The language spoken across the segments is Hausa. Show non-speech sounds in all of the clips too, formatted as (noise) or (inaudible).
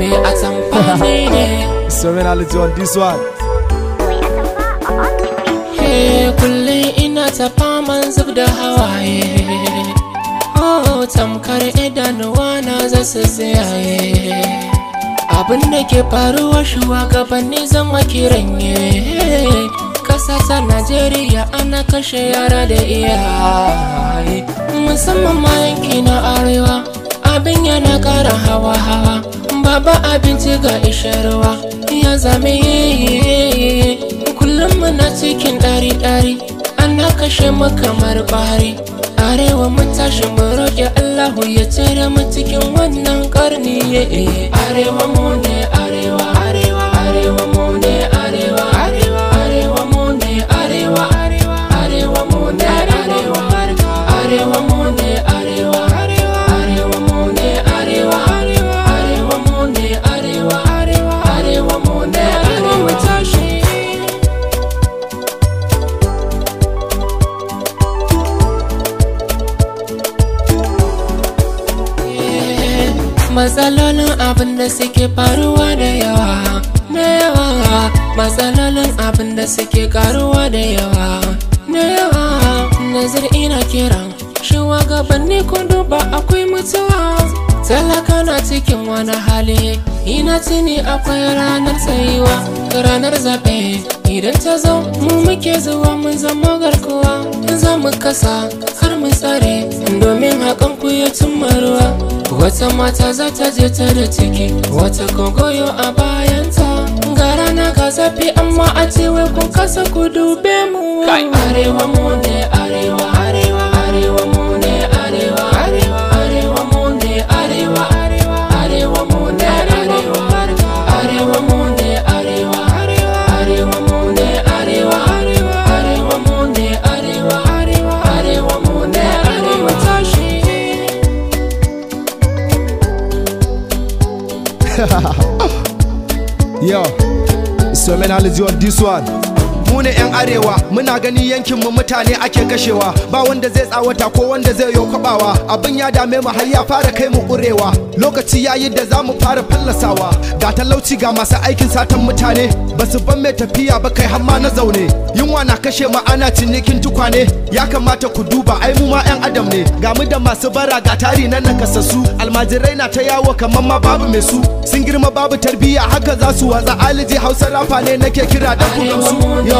me at some party. (laughs) Serenality on this one. kullum ina ta faman da hawaye. Oh, tamkar idanuwa na zasu tsayaye. Abin da ke faruwa shugabanni zama kiranye. Kasa ta Najeriya ana kashe yara da iyaye. Musamman ma yanki na arewa, abin yana kara hawa-hawa. ba abinci ga isharwa ya zame kullum muna cikin ɗari-ɗari ana kashe mu kamar ɓari arewa mun tashi mu roƙe allahu ya tsere mu cikin wannan ƙarni arewa mu ne arewa arewa arewa mu ne arewa arewa arewa mu ne arewa arewa mu ne arewa arewa matsalolin abin da suke faruwa da yawa na yawa matsalolin abin da suke karuwa da yawa na yawa Nazir ina kiran shugabanni ko duba akwai mutuwa talaka na cikin wani hali ina tini akwai ranar tsayuwa ranar zaɓe idan ta zo mu muke zuwa mun zama garkuwa in za mu kasa har mu tsare domin haƙan ku ya cimma ruwa wata mata za ta je ta da ciki wata kogoyo a bayanta ga rana ga zafi amma a ce wai kun kasa ku dube mu arewa mu (laughs) Yo, so man, on this one. mu ne yan arewa muna gani yankin mu mutane ake kashewa ba wanda zai tsawata ko wanda zai yo kwabawa abin ya dame mu har ya fara kai mu kurewa lokaci yayi da zamu fara fallasawa ga talauci ga masu aikin satan mutane ba su ban mai tafiya ba kai har ma na zaune yunwa na kashe mu ana cinikin tukwane ya kamata ku duba ai mu ma yan adam ne ga mu da masu bara ga tari na nakasassu almajirai na ta yawo kamar ma babu mai su sun girma babu tarbiyya haka za su watsa aliji hausa rafa ne nake kira da ku su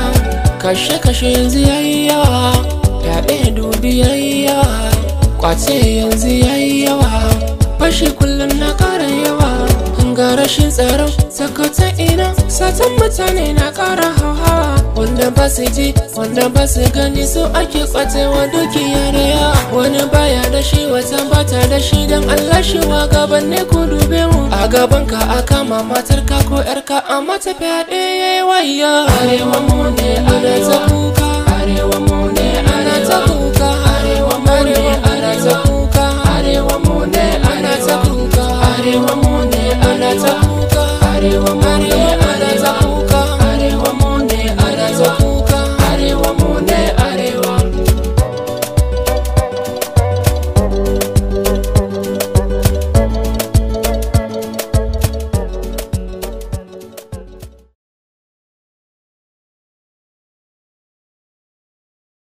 kashe-kashe yanzu yayi yawa yaɗe dubi yayi yawa kwace yanzu yayi yawa fashi kullum na ƙara yawa ga rashin tsaro sakata ina satan mutane na ƙara hauhawa wanda ba su ji wanda ba su gani su ake kwatewa dukiya da yawa wani baya da shi wata bata da shi don allah shi wa gaban ne ku dube mu a gaban ka aka mamatar ka ko yarka amma tafiya ɗaya ya yi wayo arewa mu ne